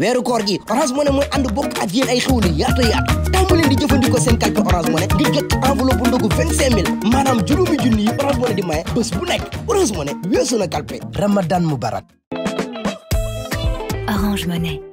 weeru koor gi orange money mooy ànd bokk ak yéen ay xewlu yaatu yaatu tàmm leen di jëfandikoo seen kalpe orange money ngir jot enveloppe ndogu 25 000 maanaam juróomi junni yi orange money di maye bés bu nekk orange money weesu na kalpe ramadan mubarak orange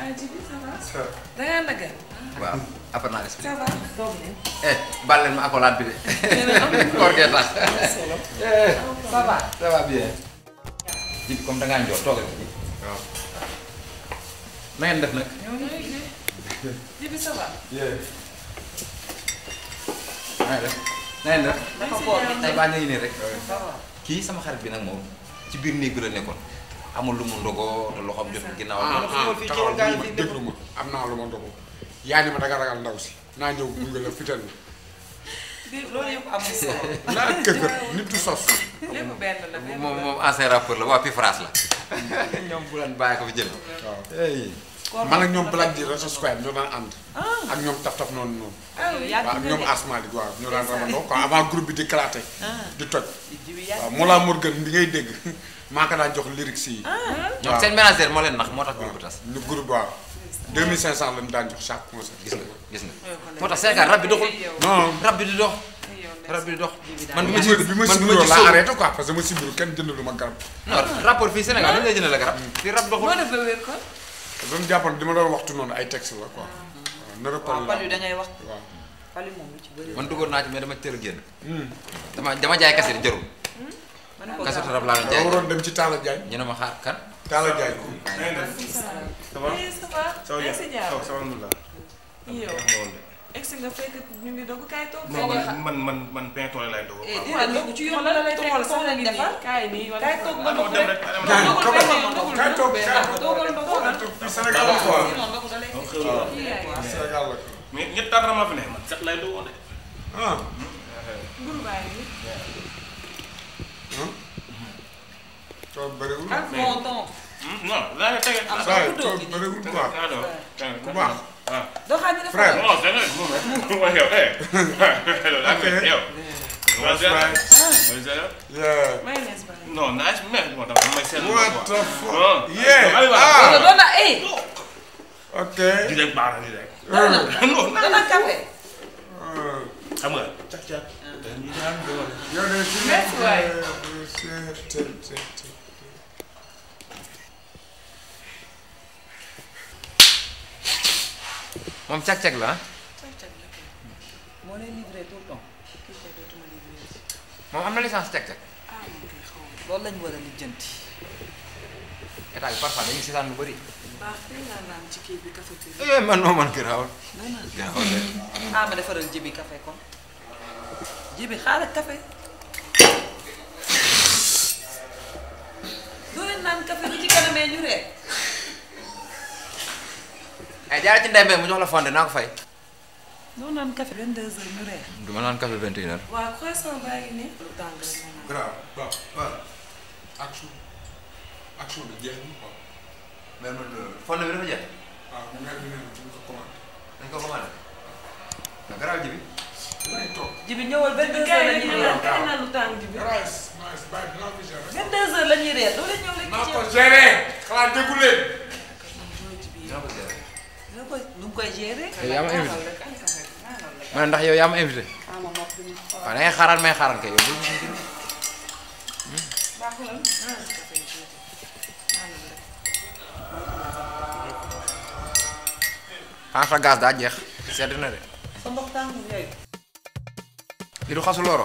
ah Djibi waaw après naa expliqué. ça va eh, leen. ma accolade bi de. koor gee tax. Eh, ça va ça va comme da njool toogal na ngeen def nag. Djibi ça va. na def na ngeen def. dafa boor bi tey baa ngi nii rek. kii sama xarit bi nag moom ci biir néeg la nekkoon. amul lu mu ndogoo te loxoom jot ah, ginnaaw. Ah, ah, taxaw bi déglu ma am naa lu ma ndogoo. yaa ni ma danga ragal ndaw si naa ñëw gunge la fital na. naa këgër nit sos. moom moom ancien rappeur la waa Pifras la. ñoom bu leen bàyyi fi jël. waaw. man ak ñoom Black di Raja Square ñoo daan ànd. Ah. ak ñoom taf taf noonu noonu. Ah waaw ñoom Asma di waaw ñoo daan ramandoo quoi avant groupe bi di éclater. Ah. di toj. waaw Mola Morgan bi ngay dégg maa ko daan jox lyrics yi. waaw ñoom seen manager moo leen nax moo tax groupe tas. ñu groupe daan jox chaque concert. gis nga gis nga moo tax Sénégal rab bi doxul. non rab bi di dox. rab bi di dox man bi ma ci bi ma sibiroo laa parce que ma sibiroo kenn jëndalu ma garab. non rapport fii Sénégal dañ lay jëndal la garab. fii ba mu jàppal li ma doon waxtu noonu ay texte la quoi. ne reprend la waaw da ngay wax. man duggoon naa ci mais dama teel a génn. Hmm. dama dama jaay kaset jarul. Hmm? man ko kaset laa doon jaay waroon dem ci Talla Diagne. ñu ne ma xaar kan. Talla Diagne. ça va ça va ça nga fekk ñu ngi dogu kaay toog. man man man peinture lay dogu. Eh, waaw ci yoon la lay teg foofu la ñuy defar kaay nii wala kaay toog ba ah, dogu rek. kaay toog kaay fi ne man sax lay dogu de. ah. Hmm? toog bëriwul. Hmm? non. ku baax. doxal ñu defal la non dana waaye yow eh. loolu am na yow. mayonnaise ba la. non naaj mais moo tax may seetlu. what the fuck yeah ah doon na eh. ok di rek baax na di rek. non non non café. xam nga. yow de moom cag-cag la moom am na licence cag-cag. ah lañ war lijjanti. état parfois dañuy seetaan lu bëri. baax man noo man garaawul. garaawul de. defaral jibi café kon. jibi xaaral café. doo leen naan café bi ci kanamee ñu ay eh, jaaree ci ndey mbay mu jox la fonde naa ko fay. doo naan café 22 heures ñu reer. fonde bi dafa jeex. waaw jibi. jibi ñëwal 22 heures la ñuy reer kay lu tàng jibi. rice rice bàyyi dinaa ko gérer. 22 heures la ma ndax yow yaa ma invité waaw ah, da ngay xaaraan may xaaraan kay yow bul xanaa ah, sa gaz daa jeex sedd na de li xasu looro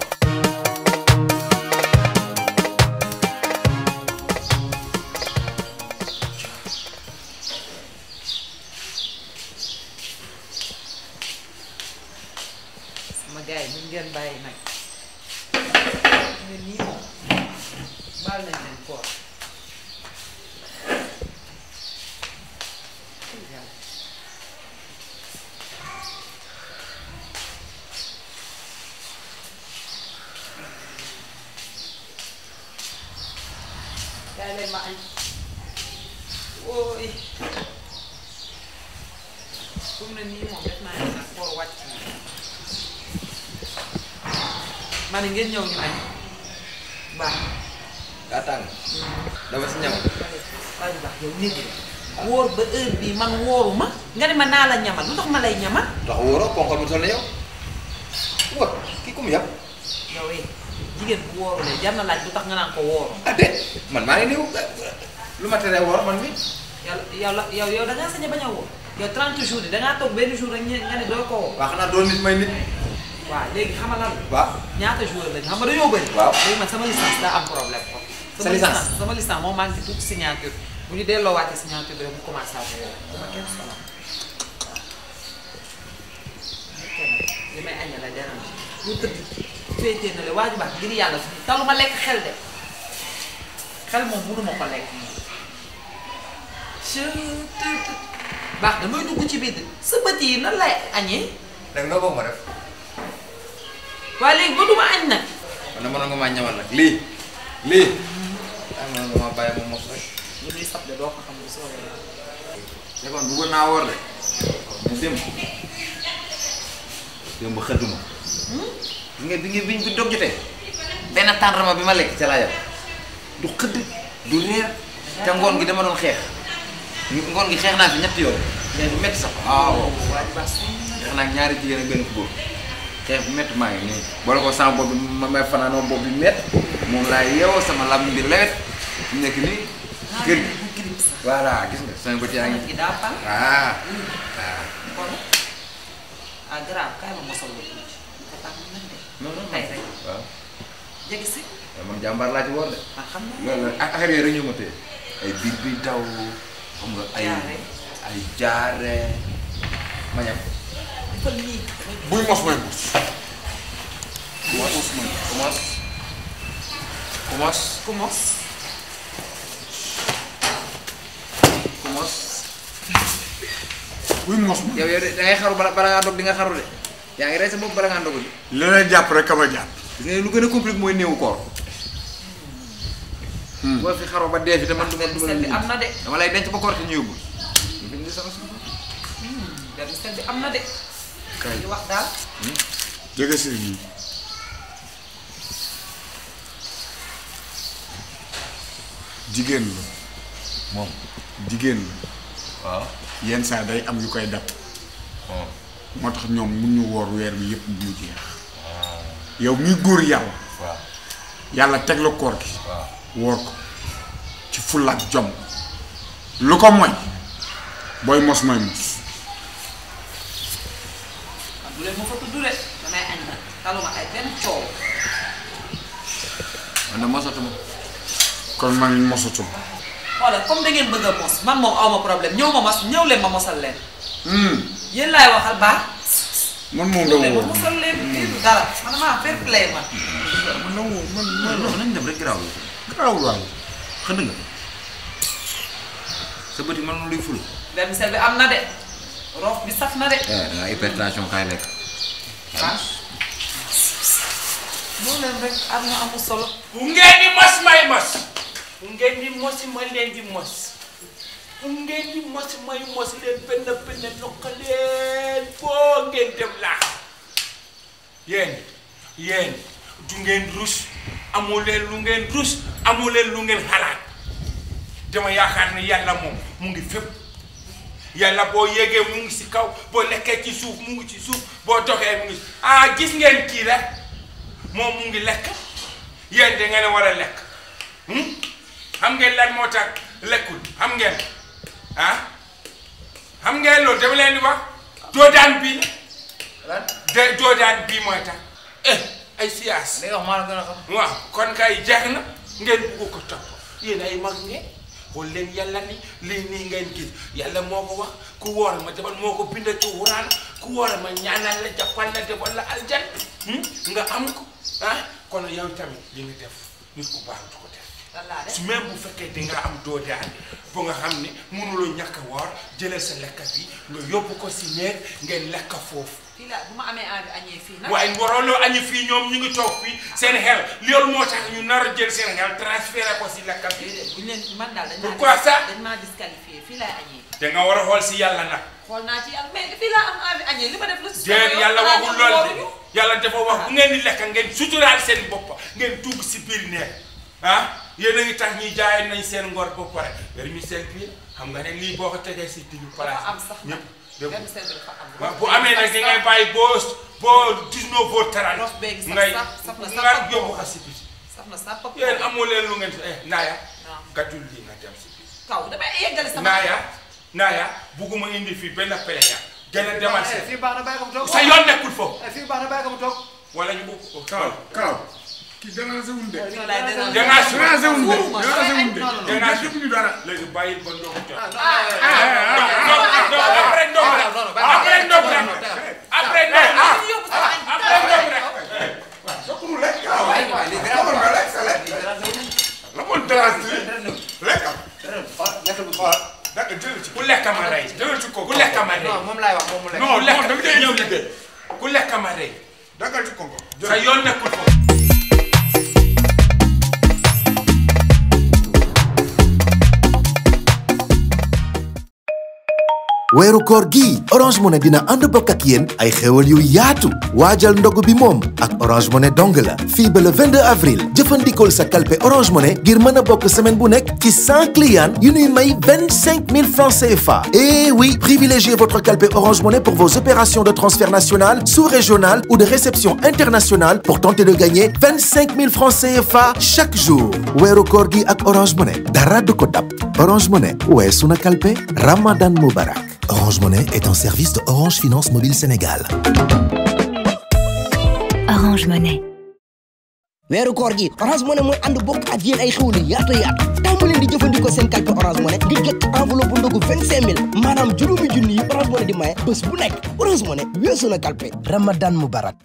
kaay leen na ma ngeen ñëw ñu añ baax ba heure bii man wóoru ma nga ne ma naa la ñamal lu tax ma lay ñamal ndax wóoroo ponkal mu toll na yow wóor kii kum yàpp jigéen bu woorulee jar na laaj lu tax nga naan ko wooru. ah man maa ngi néew lu ma teree woor man mi yow yow yow da ngaa sañ a bañ a woor yow 30 yi da ngaa toog benn jour rek nga ne doo ko woor. waaw xanaa doon nit may nit. waaw léegi xamal lan. waaw ñaata jours lañu xam nga dañoo bëri. waaw léegi man sama licence daa am problème ko. sa licence sama licence moom maa ngi ci tuuti signature bu ñu delloo waatee signature bu rek mu ak yow bu ma kenn sonal li may aññal la jaram bu féetéenale waa ju baax ngir yàlla suñu taluma lekk xel de xel moom mënuma ko lekk ci biir sa bët yi nan lay añee danga nga boobu ma def waaye léegi ba duma añ nag man na mënoon nga maa ñamal nag lii lii ay mënoon nga maa bàyyi moom mos rek lu muy sab de eh, naa woor de démb démb xëdduma hmm? nga bi nga biñ bi dog jotee benn tàndarma bi ma lekk ca laa du xëdd du reer te ngoon gi dama doon xeex ngoon gi xeex naa fi ñetti yoon xeex bu métti sax waaw xeex naa ñaari jigéen a benn góor xeex bu métti maa ngi nii boole ko sama bopp bi ma may fanaanoo bopp bi moom laa yeewoo sama lam bi lewet fi nekk nii kër gi voilà gis nga sama bët yaa ngi waaw non non tey rek. waaw. jéggi si. Eh, woor de. ah ak affaire rek ñoo ma ay biir bi daw. xam nga ay ay jaare ma buy mos mooy mos. mos mooy mos. commence. commence. commence. buy mos mooy. yow de da xaru bala bala ngaa dog di xaru de. yaa ngi rey sa bopp bala ngaa ndogu ji. li lay jàpp rek ka ma jàpp. gis nga lu gën a compliqué mooy néewu koor. Hmm. boo fi xaroo ba dee fi te man du ma ah, du ma la am na de. dama lay denc ba koor te ñu yóbbu. Hmm. bi hmm. am na de. kay wax daal. jege si nii. jigéen la moom jigéen la. waaw yenn saa day am yu koy dab. moo tax ñoom mun ñu woor weer bi yëpp bu jeex yow muy góor yàlla yàlla teg la koor gi woor ko ci fulla ak jom lu ko mooy booy mos mooy mos bu leen ma fa man de mosatuma kon man comme da bëgg a mos man moom awma problème ñëw ma mos ñëw ma mosal leen Hmm. yéen laay waxal baax. man moom la woo man man léegi hmm. dara man damaa fair play man. man la woo man man non nañ dem rek garaaw la. garaawul waaye xënd nga sa bët yi man ma luy ful. vermicelle bi am na de. roof bi saf na de. Eh, da nga hypertension kaay lekk. ah. loolu leen rek am na amul solo. bu ngeen di mos may mos. bu ngeen di mosi ma leen di mos. ngeen di mos may mos leen benn benn nokka leen foo ngeen dem laa amu leen lu amu leen lu ngeen xalaat dama yaakaar ne yàlla moom mu boo yéegee mu ngi kaw boo ci suuf mu ngi ci suuf boo doxee mu ah, gis ngeen kii la moom mu ngi lekk yéen da ngeen war a lekk hmm? xam ngeen lan moo tax lekkul xam ngeen ah xam ngeen loolu dama leen di wax doodaan bii doodaan bii mooy tax eh ay siyaas li nga wax maa la gën a xam waaw kon kay jeex na ngeen bugg ko topp leen yàlla ni lii nii ngeen gis yàlla moo ko wax ku woor ma defal moo ko bind ci wuraan ku woor ma ñaanal la jàppal la defal la aljan hmm? nga am ko ah kon yow tamit li nga def nit ku baax du ko def su même bu fekkee di nga am doo daan bu nga xam ne mënuloo ñàkk a woor jëlee sa lekk bi nga yóbbu ko si néeg ngeen lekk foofu. fii ma amee envie añee fii waaye waroonoo añee fii ñoom ñu ngi toog fii seen xel loolu moo tax ñu nar jël seen xel transféré ko si lekk bi. bu ñu leen man daal dañ maa da nga war a xool si yàlla nag. xool naa ci yàlla mais fii laa yàlla waxul loolu yàlla dafa wax bu ah. ngeen di lekk ngeen suturaat seen bopp ngeen dugg si biir neex yéen a ngi tax ñi jaay nañ seen ngor ba pare yéen seen biir xam nga ne lii boo ko tegee si diggu place bi. ñëpp dégg nga bu amee nag da ngay bàyyi boo boo dix-neuf heures trente. ndox na nga yóbbu ko si biti. sax na sax papa yéen amoo leen lu ngeen fi eh Naaya. waaw gàddul lii nga dem si biir. kaw damay fii benn peleña. gën a eh, demal seen eh, sa yoon nekkul foofu. fii baax na bàyyi ko mu toog. Eh, ñu bugg ko. kaw ki déranger wuñ de. déranger wuñ de déranger wuñ de dara. léegi bàyyi ba ndox jot. après ndox rek après ndox rek après ndox rek. waaw soxna lekk waaw waaw nga lekk sa lekk. la moon déranger lekk. ku lekk ma rey déglu ci ko ku lekk ma rey. non moom laay wax moom mu lekk. non lekk da nga ñëw liggéey. ku lekk ma rey. dagal ci ko sa yoon nekkul ko. weeru koor gi Orange Money dina ànd bokk ak yéen ay xéwal yu yaatu waajal ndogu bi moom ak Orange Money dong la fii ba le 22 avril jëfandikool sa kalpe Orange Money ngir mën a bokk semaine bu nekk ci 100 clients yu ñuy may 25 000 francs CFA. et eh oui privilégiez votre calpe Orange Money pour vos opérations de transfert national sous-régional ou de réception internationale pour tenter de gagner 25 000 francs CFA chaque jour weeru koor gi ak Orange Money dara du ko dab Orange Money weesu na kalpe Ramadan Mubarak. Orange Monnaie est un service de Orange Finance Mobile Sénégal. Orange Monnaie. weeru koor gi orange money mooy ànd bokk ak yéen ay xewlu yaatu yaatu tàmm leen di jëfandikoo seen kalpe orange money di jot enveloppe bu ndogu vingt cinq mille maanaam juróomi junni yi orange money di maye bés bu nekk orange money weesu na kalpe ramadan mubarak